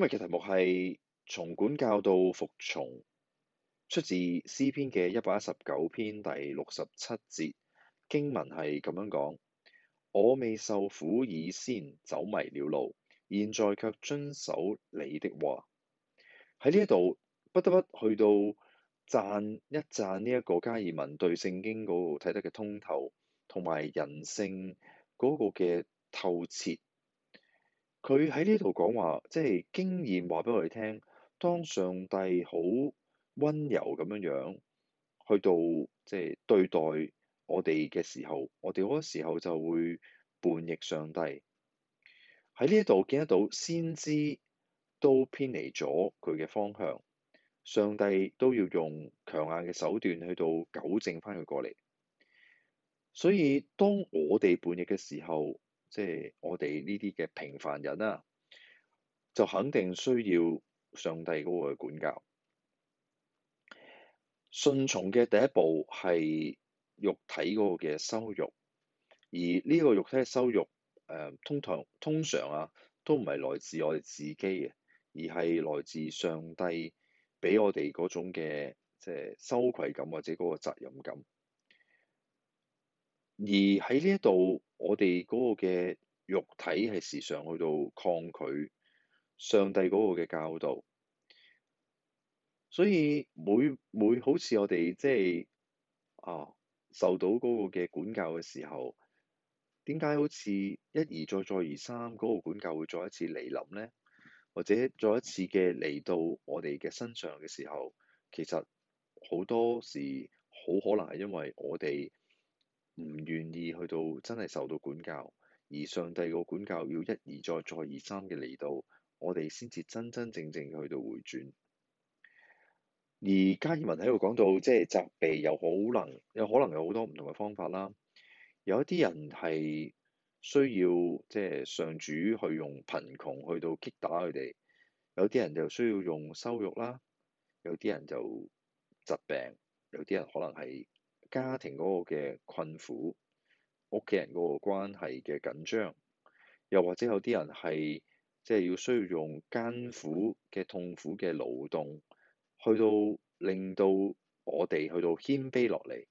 今日嘅題目係從管教到服從，出自詩篇嘅一百一十九篇第六十七節。經文係咁樣講：我未受苦以先走迷了路，現在卻遵守你的話。喺呢一度不得不去到讚一讚呢一個加爾文對聖經嗰個睇得嘅通透同埋人性嗰個嘅透徹。佢喺呢度講話，即係經驗話俾我哋聽，當上帝好溫柔咁樣樣，去到即係對待我哋嘅時候，我哋好多時候就會叛逆上帝。喺呢度見得到先知都偏離咗佢嘅方向，上帝都要用強硬嘅手段去到糾正翻佢過嚟。所以當我哋叛逆嘅時候，即係我哋呢啲嘅平凡人啦、啊，就肯定需要上帝嗰個管教。順從嘅第一步係肉體嗰個嘅羞辱，而呢個肉體嘅羞辱通常通常啊，都唔係來自我哋自己嘅，而係來自上帝畀我哋嗰種嘅即係羞愧感或者嗰個責任感。而喺呢一度，我哋嗰個嘅肉體係時常去到抗拒上帝嗰個嘅教導，所以每每好似我哋即係啊受到嗰個嘅管教嘅時候，點解好似一而再再而三嗰個管教會再一次嚟臨咧？或者再一次嘅嚟到我哋嘅身上嘅時候，其實好多時好可能係因為我哋。唔願意去到真係受到管教，而上帝個管教要一而再、再而三嘅嚟到，我哋先至真真正正去到回轉。而加爾文喺度講到，即係責備又好，能有可能有好多唔同嘅方法啦。有一啲人係需要，即係上主去用貧窮去到擊打佢哋，有啲人就需要用羞辱啦，有啲人就疾病，有啲人可能係。家庭嗰個嘅困苦，屋企人嗰個關係嘅緊張，又或者有啲人係即係要需要用艱苦嘅痛苦嘅勞動去到令到我哋去到謙卑落嚟。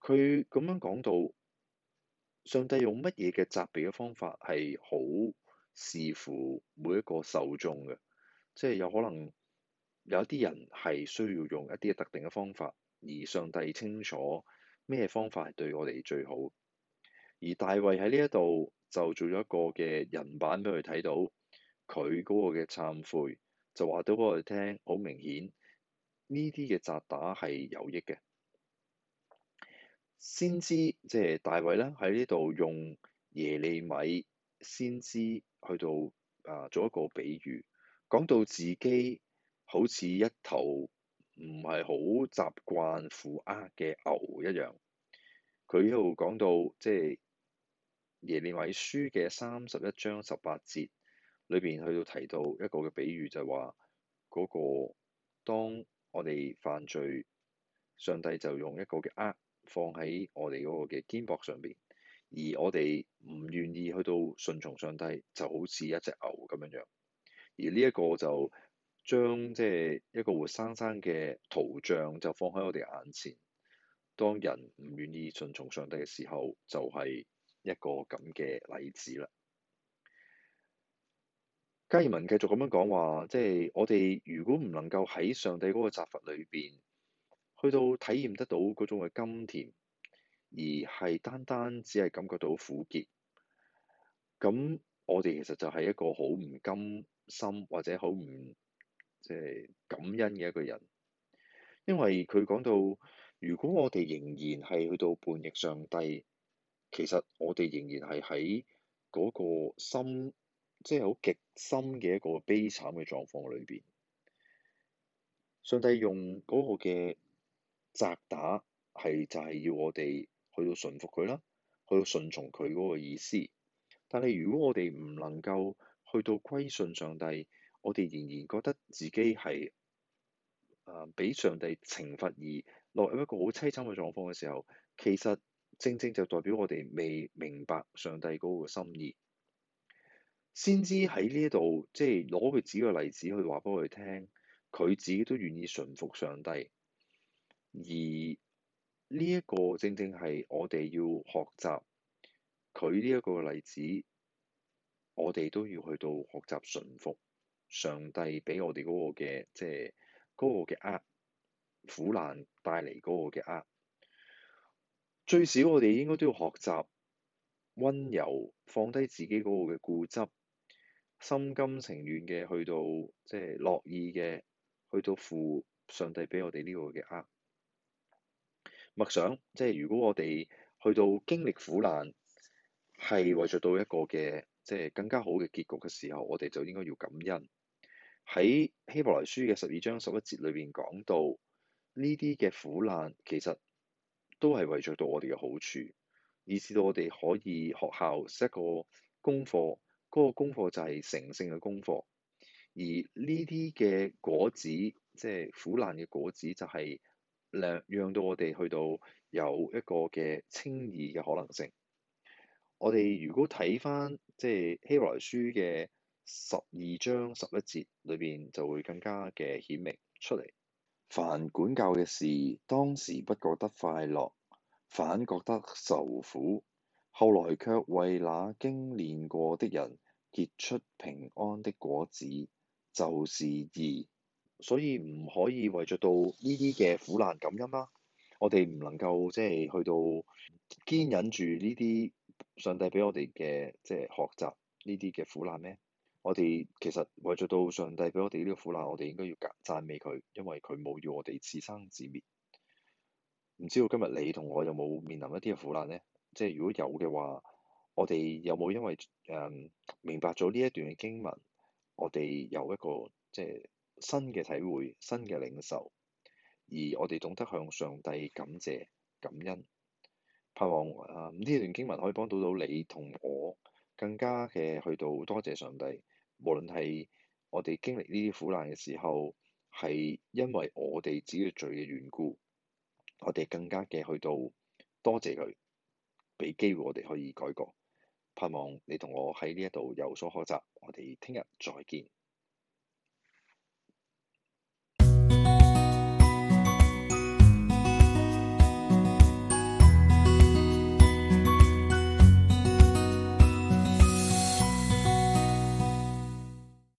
佢咁樣講到，上帝用乜嘢嘅責備嘅方法係好視乎每一個受眾嘅，即係有可能有啲人係需要用一啲特定嘅方法。而上帝清楚咩方法係對我哋最好，而大衛喺呢一度就做咗一個嘅人版俾佢睇到佢嗰個嘅懺悔，就話咗俾我哋聽，好明顯呢啲嘅責打係有益嘅。先知，即係大衛咧，喺呢度用耶利米先知去到啊做一個比喻，講到自己好似一頭唔係好習慣負軛嘅牛一樣，佢呢度講到即係耶利米書嘅三十一章十八節裏邊去到提到一個嘅比喻就，就係話嗰個當我哋犯罪，上帝就用一個嘅軛放喺我哋嗰個嘅肩膊上邊，而我哋唔願意去到順從上帝，就好似一隻牛咁樣樣，而呢一個就。將即係一個活生生嘅圖像，就放喺我哋眼前。當人唔願意順從上帝嘅時候，就係一個咁嘅例子啦。加爾文繼續咁樣講話，即係我哋如果唔能夠喺上帝嗰個責罰裏邊，去到體驗得到嗰種嘅甘甜，而係單單只係感覺到苦澀，咁我哋其實就係一個好唔甘心或者好唔～即係感恩嘅一個人，因為佢講到，如果我哋仍然係去到叛逆上帝，其實我哋仍然係喺嗰個深，即係好極深嘅一個悲慘嘅狀況裏邊。上帝用嗰個嘅責打，係就係要我哋去到順服佢啦，去到順從佢嗰個意思。但係如果我哋唔能夠去到歸信上帝，我哋仍然覺得自己係誒，俾上帝懲罰而落入一個好凄慘嘅狀況嘅時候，其實正正就代表我哋未明白上帝嗰個心意。先知喺呢度即係攞佢自己嘅例子去話俾佢聽，佢自己都願意順服上帝，而呢一個正正係我哋要學習佢呢一個例子，我哋都要去到學習順服。上帝畀我哋嗰個嘅，即係嗰個嘅軛，苦難帶嚟嗰個嘅軛，最少我哋應該都要學習溫柔，放低自己嗰個嘅固執，心甘情願嘅去到，即係樂意嘅去到負上帝畀我哋呢個嘅軛。默想，即係如果我哋去到經歷苦難，係為咗到一個嘅。即係更加好嘅結局嘅時候，我哋就應該要感恩。喺希伯來書嘅十二章十一節裏邊講到，呢啲嘅苦難其實都係為著到我哋嘅好處，以至到我哋可以學校識一個功課，嗰、嗰個功課就係成聖嘅功課。而呢啲嘅果子，即係苦難嘅果子，就係令讓到我哋去到有一個嘅稱義嘅可能性。我哋如果睇返即係希伯來書嘅十二章十一節裏邊，就會更加嘅顯明出嚟。凡管教嘅事，當時不覺得快樂，反覺得受苦，後來卻為那經練過的人結出平安的果子，就是義。所以唔可以為著到呢啲嘅苦難感恩啦。我哋唔能夠即係去到堅忍住呢啲。上帝畀我哋嘅即係學習呢啲嘅苦難呢，我哋其實為咗到上帝畀我哋呢個苦難，我哋應該要格讚美佢，因為佢冇要我哋自生自滅。唔知道今日你同我有冇面臨一啲嘅苦難呢？即係如果有嘅話，我哋有冇因為誒、嗯、明白咗呢一段嘅經文，我哋有一個即係新嘅體會、新嘅領受，而我哋懂得向上帝感謝感恩。盼望啊！呢段經文可以幫到到你同我更加嘅去到多謝上帝，無論係我哋經歷呢啲苦難嘅時候，係因為我哋自己嘅罪嘅緣故，我哋更加嘅去到多謝佢俾機會我哋可以改過。盼望你同我喺呢一度有所學習，我哋聽日再見。